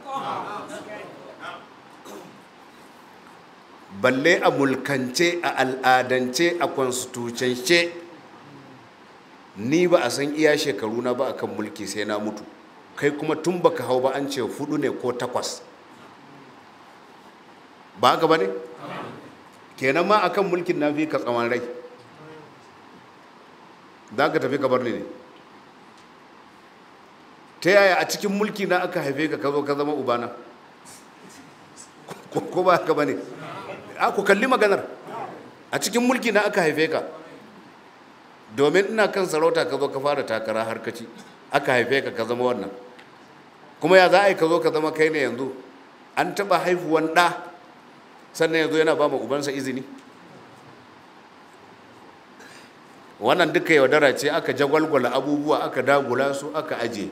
balle a mulkance a al'adance a konstitucance ni ba a san iya shekaru na ba a kan mulki sai na mutu kai kuma tun baka hau ba an ce hudu ne ko takwas ba haka ba ne kenan ma a kan mulkin na fi ka tsawon rai za ka tafi kabar ne ta yaya a cikin mulki na aka haife ka ka zo ka zama ubana ko ba ka ba ne a ah, ku kalli maganar a cikin mulki na aka haife ka domin ina kan sarauta ka zo ka fara takara harkaci aka haife ka ka zama wannan kuma ya za a yi ka zo ka zama kai ne yanzu an taba haifuwan ɗa sannan yanzu yana ba ma ubansa izini wannan duka yaudara ce aka jagwalgwala abubuwa aka dagula su aka aje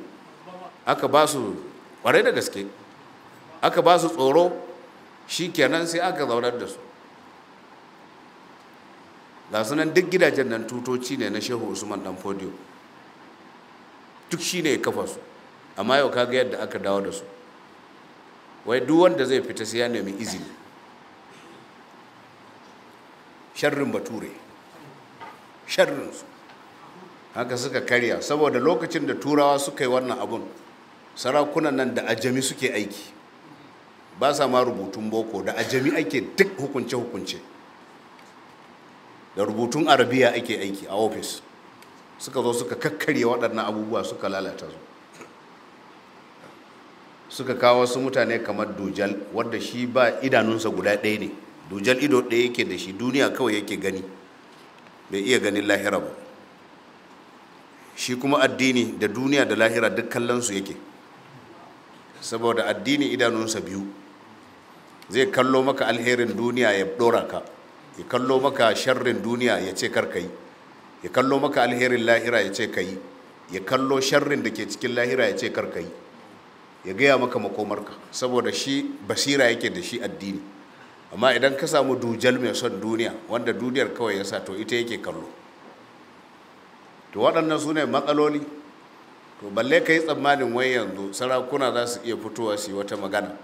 aka ba su ƙwarai da gaske aka ba su tsoro shi kenan sai aka zaunar da su ga sunan duk gidajen nan tutoci ne na shehu usman dan fodiyo duk shi ne kafa su amma yau kaga yadda aka dawo da su wai duk wanda zai fita sai ya nemi izini sharrin bature sharrin su haka suka karya saboda lokacin da turawa suka yi wannan abun sarakunan nan da ajami suke aiki ba sa ma rubutun boko da ajami ake duk hukunce-hukunce da rubutun arabiya ake aiki a ofis suka zo suka kakkarye waɗannan abubuwa suka lalata su suka kawo wasu mutane kamar dujal wadda shi ba idanunsa guda ɗaya ne dujal ido ɗaya yake da shi duniya kawai yake gani bai iya ganin lahira ba shi kuma addini da duniya da lahira duk kallonsu yake saboda addini idanunsa biyu zai kallo maka alherin duniya ya dora ka ya kallo maka sharrin duniya ya ce kar yi ya kallo maka alherin lahira ya ce yi ya kallo sharrin da ke cikin lahira ya ce kar yi ya gaya maka makomarka saboda shi basira yake da shi addini amma idan ka samu dujal mai son duniya wanda duniyar kawai ya sa to ita yake kallo to waɗannan su ne matsaloli to balle ka yi tsammanin wai yanzu sarakuna za su iya fitowa su yi wata magana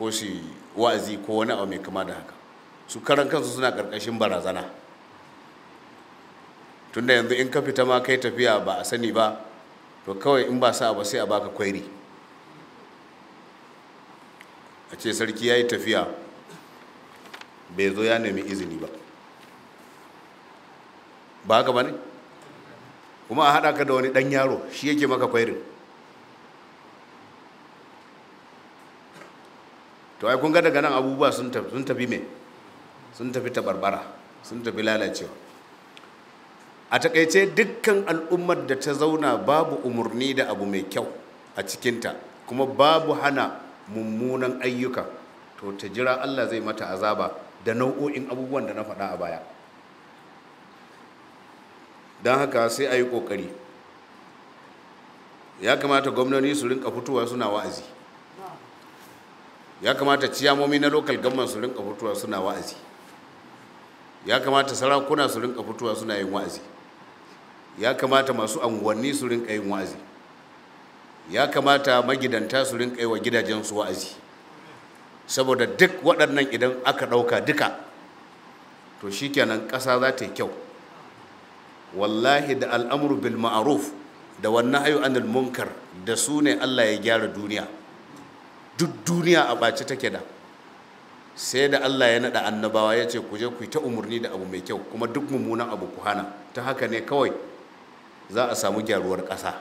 ko shi wa'azi ko wani abu mai kama da haka su karan kansu suna karkashin barazana tunda yanzu in ka fita ma kai tafiya ba a sani ba to kawai in ba sa ba sai a baka kwairi a ce sarki ya yi tafiya bai zo ya nemi izini ba ba haka ba ne kuma a haɗa ka da wani ɗan yaro shi yake maka kwairin to ai kun ga daga nan abubuwa sun tafi sun tafi ta sun sun tafi lalacewa a takaice dukkan al'ummar da ta zauna babu umarni da abu mai kyau a cikinta kuma babu hana mummunan ayyuka to ta jira Allah zai mata azaba da nau'o'in abubuwan da na faɗa a baya don haka sai a yi ƙoƙari ya kamata gwamnoni su rinka fitowa suna wa'azi ya kamata ciyamomi na lokal gamman su rinka fitowa suna wa'azi ya kamata sarakuna su rinka fitowa suna yin wa'azi ya kamata masu anguwanni su rinka yin wa'azi ya kamata magidanta su rinka yi wa gidajensu wa'azi saboda duk waɗannan idan aka ɗauka duka to shikenan ƙasa za ta yi kyau wallahi da al'amuru bil ma'aruf da wannan ayu anil munkar da su ne Allah ya gyara duniya duk duniya a ɓace take da sai da Allah ya naɗa annabawa ya ce ku je ku yi ta umarni da abu mai kyau kuma duk mummunan abu ku hana ta haka ne kawai za a samu gyaruwar ƙasa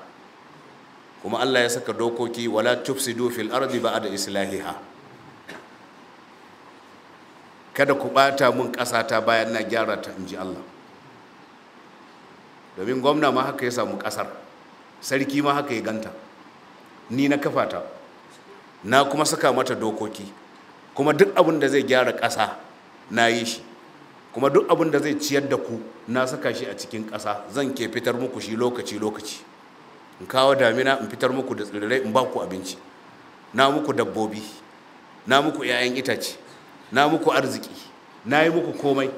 kuma Allah ya saka dokoki wala tufsidu fil ardi ba'da islahiha kada ku ɓata mun ƙasa ta bayan na gyara ta inji Allah domin gwamna ma haka ya samu ƙasar sarki ma haka ya ganta ni na kafa ta na kuma saka mata dokoki kuma duk abin da zai gyara ƙasa na yi shi kuma duk abin da zai ciyar da ku na saka shi a cikin ƙasa zan ke fitar muku shi lokaci lokaci in kawo damina in fitar muku da tsirrai in ba ku abinci na muku dabbobi na muku 'ya'yan itace na muku arziki na yi muku komai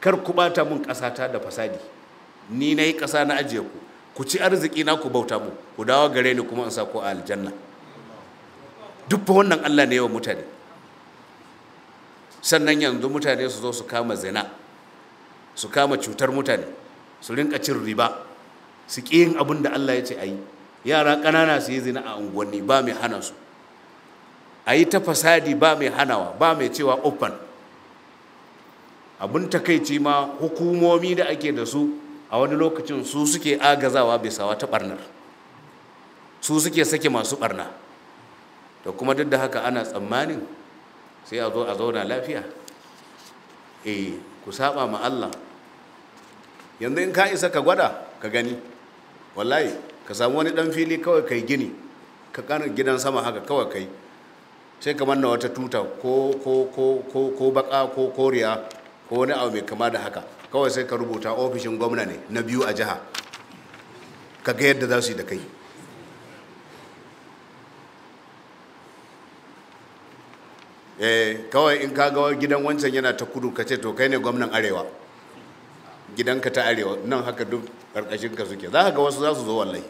kar ku bata mun ta da fasadi ni na yi ƙasa na ajiye ku ku ci arziki na ku bauta mu ku dawo gare ni kuma in sa ku a aljanna duk fa wannan Allah ne wa mutane sannan yanzu mutane su zo su kama zina su kama cutar mutane su rinka cin riba su ƙi yin abin da Allah ya ce a yi yara ƙanana su yi zina a unguwanni ba mai hana su a yi ta fasadi ba mai hanawa ba mai cewa open abin takaici ma hukumomi da ake da su a wani lokacin su suke agazawa bisawa ta barnar su suke sake masu barna da kuma duk da haka ana tsammanin sai a zo a zauna lafiya e ku saba ma Allah yanzu in ka isa ka gwada ka gani wallahi ka samu wani dan fili kawai kai gini ka kana gidan sama haka kawai kai sai kamar na wata tuta ko ko ko ko ko baka ko koriya ko wani abu mai kama da haka kawai sai ka rubuta ofishin gwamna ne na biyu a jiha ka ga yadda za su yi da kai eh kawai in ka ga gidan wancan yana ta kudu ka ce to kai ne gwamnan arewa gidanka ta arewa nan haka duk karkashin ka suke za ka ga wasu za su zo wallahi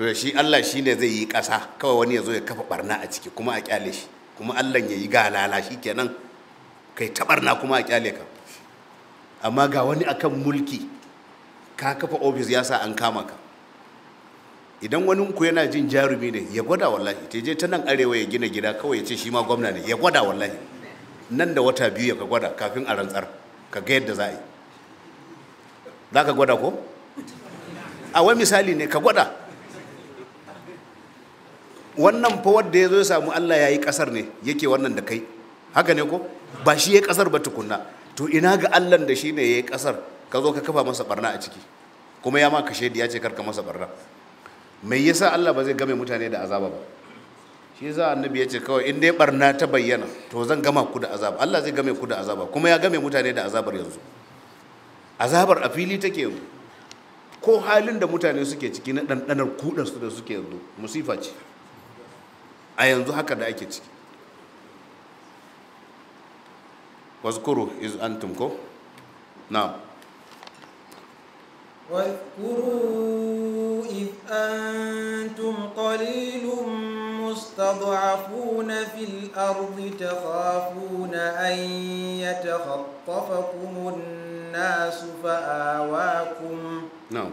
to shi Allah shi ne zai yi ƙasa kawai wani ya zo ya kafa barna a ciki kuma a kyale shi kuma Allah ya yi galala shi kenan kai ta barna kuma a kyale ka amma ga wani akan mulki ka kafa ofis ya sa an kama ka idan wani ku yana jin jarumi ne ya gwada wallahi ta je ta nan arewa ya gina gida kawai ya ce shi ma gwamna ne ya gwada wallahi nan da wata biyu ya ka gwada kafin a rantsar ka ga yadda za a yi za ka gwada ko a wani misali ne ka gwada wannan fa wadda ya zo ya samu Allah ya yi kasar ne yake wannan da kai haka ne ko ba shi ya kasar ba tukunna to ina ga Allah da shi ne ya yi kasar ka zo ka kafa masa barna a ciki kuma ya ma kashe da ya ce karka masa barna mai yasa Allah ba zai game mutane da azaba ba shi za annabi ya ce kawai in dai barna ta bayyana to zan gama ku da azaba Allah zai game ku da azaba kuma ya game mutane da azabar yanzu azabar a fili take yanzu ko halin da mutane suke ciki na ɗanɗanar kudansu da suke yanzu musifa ce a yanzu haka da ake ciki wasu kuro antum ko na'am واذكروا إذ أنتم قليل مستضعفون في الأرض تخافون أن يتخطفكم الناس فآواكم نعم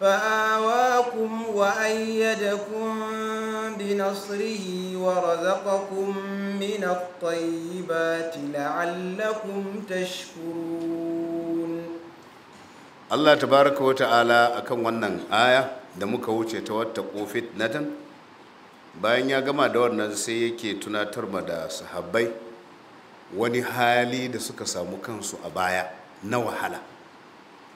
فآواكم وأيدكم بنصره ورزقكم من الطيبات لعلكم تشكرون Allah tabaraka wa ta'ala akan wannan aya da muka wuce ta wata kofit natan bayan ya gama da wannan sai yake tunatar ma da sahabbai wani hali da suka samu kansu a baya na wahala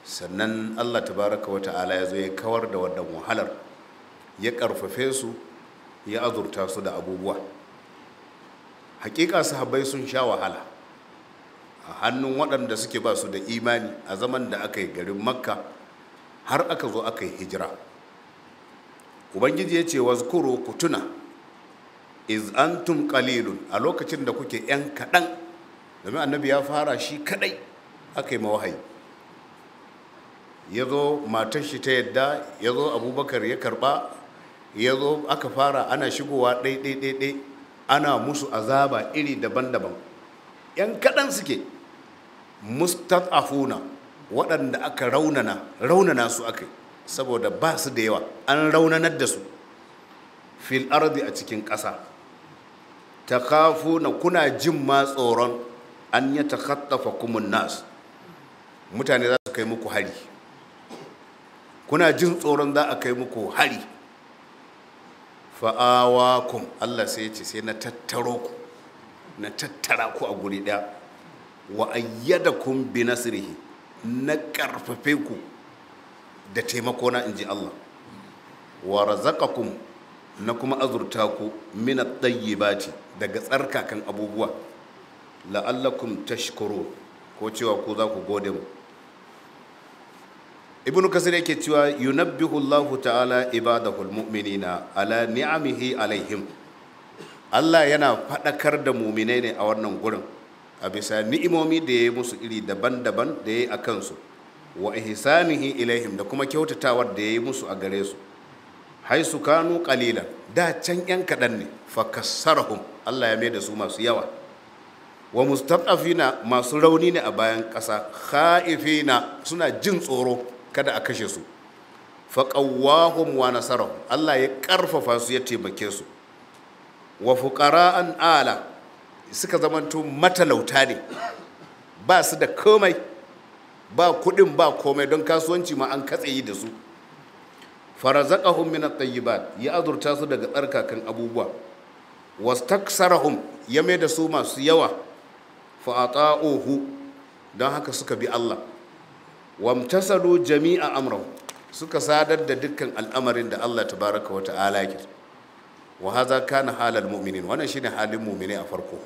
sannan Allah tabaraka wa ta'ala ya zo ya kawar da wannan wahalar ya karfafe su ya azurta su da abubuwa hakika sahabbai sun sha wahala a hannun waɗanda suke ba su da imani a zaman da aka yi garin makka har aka zo aka yi hijira ubangiji ya ce wazkuru ku tuna iz antum qalilun a lokacin da kuke yan kaɗan domin annabi ya fara shi kaɗai aka yi mawahayi ya zo matar shi ta yadda ya zo abubakar ya karɓa ya zo aka fara ana shigowa ɗai ɗai ɗai ana musu azaba iri daban-daban yan kaɗan suke mustat'afuna waɗanda aka raunana raunana su aka saboda ba su da yawa an raunanar da su fil ardi a cikin ƙasa ta kafuna kuna jin ma tsoron an ya kattafa kumun nas mutane za su kai muku hari kuna jin tsoron za a kai muku hari fa'awakum allah sai ce sai na tattaro ku na tattara ku a guri ɗaya wa ayyadakum bi nasrihi na karfafe ku da taimako na inji Allah wa razaqakum na kuma azurta ku min at-tayyibati daga tsarkakan abubuwa la'allakum tashkuru ko cewa ku za ku gode mu ibnu kasir yake cewa yunabbihu Allahu ta'ala ibadahu almu'minina ala ni'amihi alaihim Allah yana faɗakar da muminai ne a wannan gurin a bisa ni'imomi da ya yi musu iri daban-daban da ya yi a kansu wa ihsanihi ilaihim da kuma kyautatawar da ya yi musu a gare su Hai su kanu kalilan da can yan kaɗan ne fa kassarahum Allah ya mai da su masu yawa wa mustadafina masu rauni ne a bayan ƙasa kha'ifina suna jin tsoro kada a kashe su fa qawwahum wa nasarahum Allah ya ƙarfafa su ya taimake su wa fuqara'an ala suka zamanto matalauta ne ba su da komai ba kudin ba komai don kasuwanci ma an katse yi da su farazaqahum min at-tayyibat ya azurta su daga tsarkakan abubuwa wastaksarahum ya mai da su masu yawa fa ata'uhu don haka suka bi Allah wamtasalu jami'a amrahu suka sadar da dukkan al'amarin da Allah ta baraka wata ya wa hadha kana halal mu'minin wannan shine halin mu'mini a farko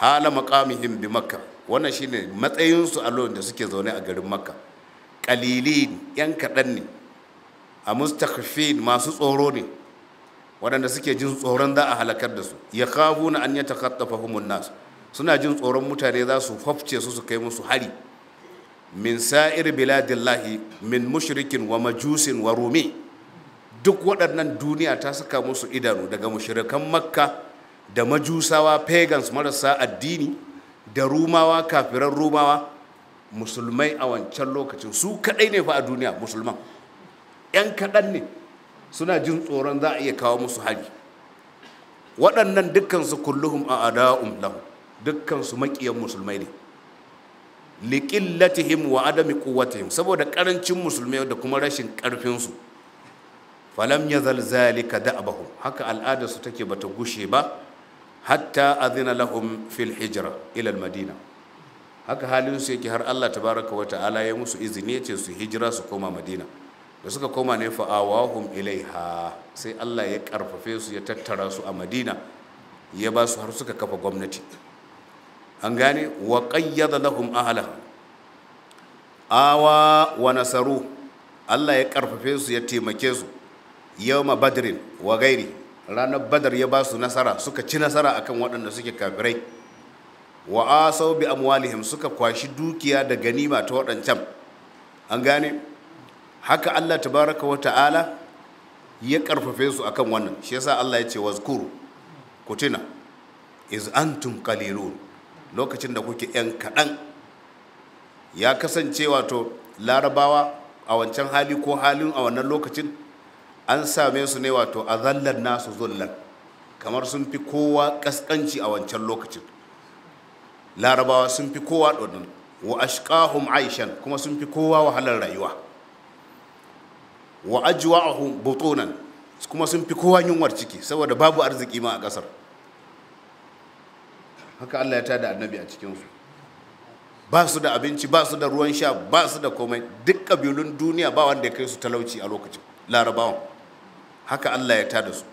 hala maqamihim bi makka wannan shine matsayin su a lokacin da suke zaune a garin makka qalilin yan kadan ne a mustakhfin masu tsoro ne waɗanda suke jin tsoron za a halakar da su ya kafu na an ya takhattafahumun nas suna jin tsoron mutane za su fafce su su kai musu hari min sa'ir biladillahi min mushrikin wa majusin wa rumi duk waɗannan duniya ta saka musu idanu daga mushrikan makka da majusawa pagans marasa addini da rumawa kafiran rumawa musulmai a wancan lokacin su kadai ne fa a duniya musulman 'yan kadan ne suna jin tsoron za a iya kawo musu hari waɗannan dukkansu kulluhum a ada'un lahu dukkansu maƙiyan musulmai ne liƙillatihim wa adami quwwatihim saboda ƙarancin musulmai da kuma rashin ƙarfinsu falam zalzali ka da'abahu haka al'adarsu take bata gushe ba hatta azina lahum fil hijra ila madina haka halin su yake har Allah tabaraka wa ta'ala ya musu izini ya su hijira su koma madina da suka koma ne fa awahum ilaiha sai Allah ya karfafe su ya tattara su a madina ya ba su har suka kafa gwamnati an gane wa qayyada lahum ahla awa wa nasaru Allah ya karfafe su ya taimake su yawma badrin wa gairi ranar badar ya ba su nasara suka ci nasara akan waɗanda suke kafirai wa asau bi amwalihim suka kwashi dukiya da ganima ta waɗancan an gane haka Allah tabaraka wa ta'ala ya karfafe su akan wannan shi yasa Allah ya ce wazkuru kutina iz antum qalilun lokacin da kuke yan kaɗan ya kasance wato larabawa a wancan hali ko halin a wannan lokacin an same su ne wato a zallar nasu zullan kamar sun fi kowa kaskanci a wancan lokacin larabawa sun fi kowa ɗodin wa ashqahum aishan kuma sun fi kowa wahalar rayuwa wa ajwa'ahum butunan kuma sun fi kowa yunwar ciki saboda babu arziki ma a ƙasar haka Allah ya tada annabi a cikinsu ba su da abinci ba su da ruwan sha ba su da komai duk ƙabilun duniya ba wanda ya kai su talauci a lokacin larabawan haka Allah ya tada su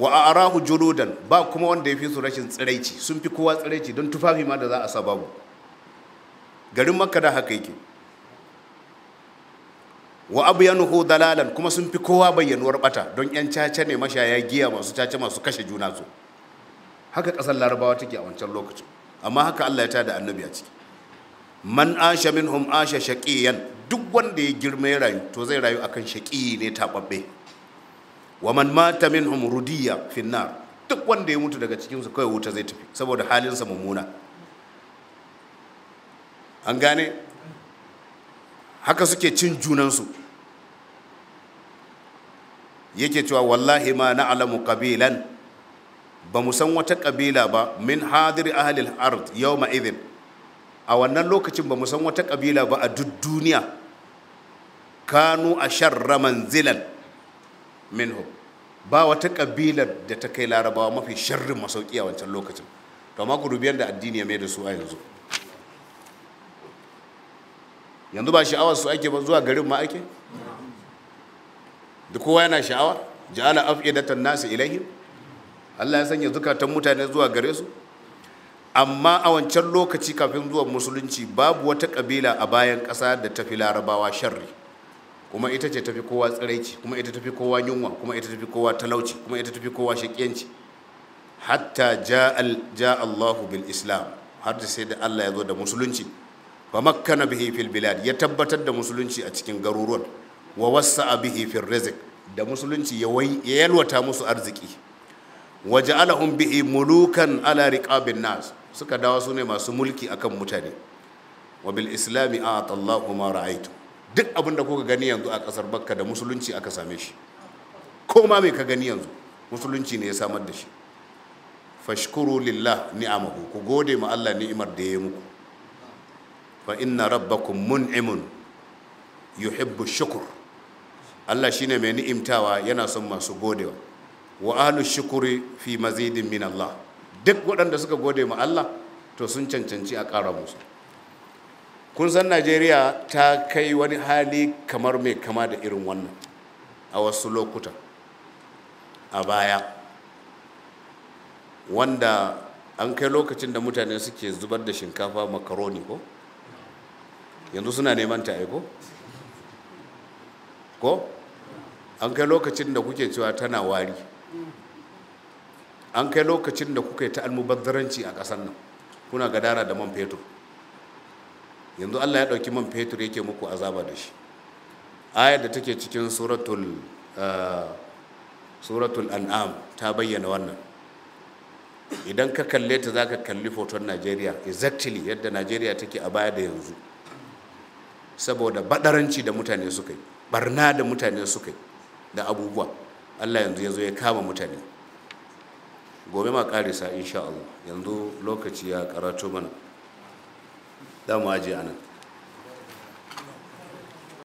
wa arahu juludan ba kuma wanda ya fi su rashin tsiraici sun fi kowa tsiraici don tufafi ma da za a sa babu garin makka da haka yake wa abu ya nuhu dalalan kuma sun fi kowa bayyanuwar bata don yan caca ne mashaya giya masu caca masu kashe juna su haka kasar larabawa take a wancan lokacin amma haka allah ya tada annabi a ciki man asha minhum asha shaqiyan duk wanda ya girma ya rayu to zai rayu akan shaqi ne tababbe wa man mata minhum rudiya finnar duk wanda ya mutu daga cikinsu kawai wuta zai tafi saboda halinsa mummuna an gane haka suke cin junansu yake cewa wallahi ma na'lamu qabilan ba mu san wata kabila ba min hadir ahlil ard yawma idhin a wannan lokacin ba mu san wata kabila ba a duk duniya kanu a sharra manzilan minhum ba wata kabilar da ta kai larabawa mafi sharrin masauki a wancan lokacin to amma gurubiyar da addini ya mai da su a yanzu yanzu ba sha'awar su ake ba zuwa garin ma ake da kowa yana sha'awa ja'ala af'idatan nasu ilaihim Allah ya sanya zukatan mutane zuwa gare su amma a wancan lokaci kafin zuwa musulunci babu wata kabila a bayan ƙasa da ta fi larabawa sharri kuma ita ce tafi kowa tsiraici kuma ita tafi kowa yunwa kuma ita tafi kowa talauci kuma ita tafi kowa shakiyanci hatta ja Allahu bil Islam har da sai da Allah ya zo da musulunci fa makkana bihi fil bilad ya tabbatar da musulunci a cikin garuruwan wa wasa bihi fil rizq da musulunci ya yalwata musu arziki wa ja'alahum bihi mulukan ala riqabin nas suka dawo su ne masu mulki akan mutane wa bil islami a'ata Allahu ma ra'aytu duk abin da kuka gani yanzu a kasar bakka da musulunci aka same shi ko ma mai ka gani yanzu musulunci ne ya samar da shi fashkuru lillah ni'amahu ku gode ma Allah ni'imar da ya yi muku fa inna rabbakum mun'imun yuhibbu shukur Allah shine mai ni'imtawa yana son masu godewa wa ahlu shukuri fi mazidin min Allah duk waɗanda suka gode ma Allah to sun cancanci a ƙara musu kun san najeriya ta kai wani hali kamar mai kama da irin wannan a wasu lokuta a baya wanda an kai lokacin da mutane suke zubar da shinkafa makaroni ko yanzu suna neman ta ko ko an kai lokacin da kuke cewa tana wari an kai lokacin da kuka yi ta almubazzaranci a ƙasar nan kuna gadara da man fetur yanzu Allah ya ɗauki man fetur yake muku azaba da shi ayar da take cikin suratul ah, suratul an'am ta bayyana wannan idan ka kalle ta za ka kalli foton najeriya exactly yadda najeriya take a baya da yanzu saboda baɗaranci da mutane suka yi barna da mutane suka yi da abubuwa allah yanzu ya zo ya kama mutane gobe ma ƙarisa insha allah yanzu lokaci ya karato mana za mu aje a nan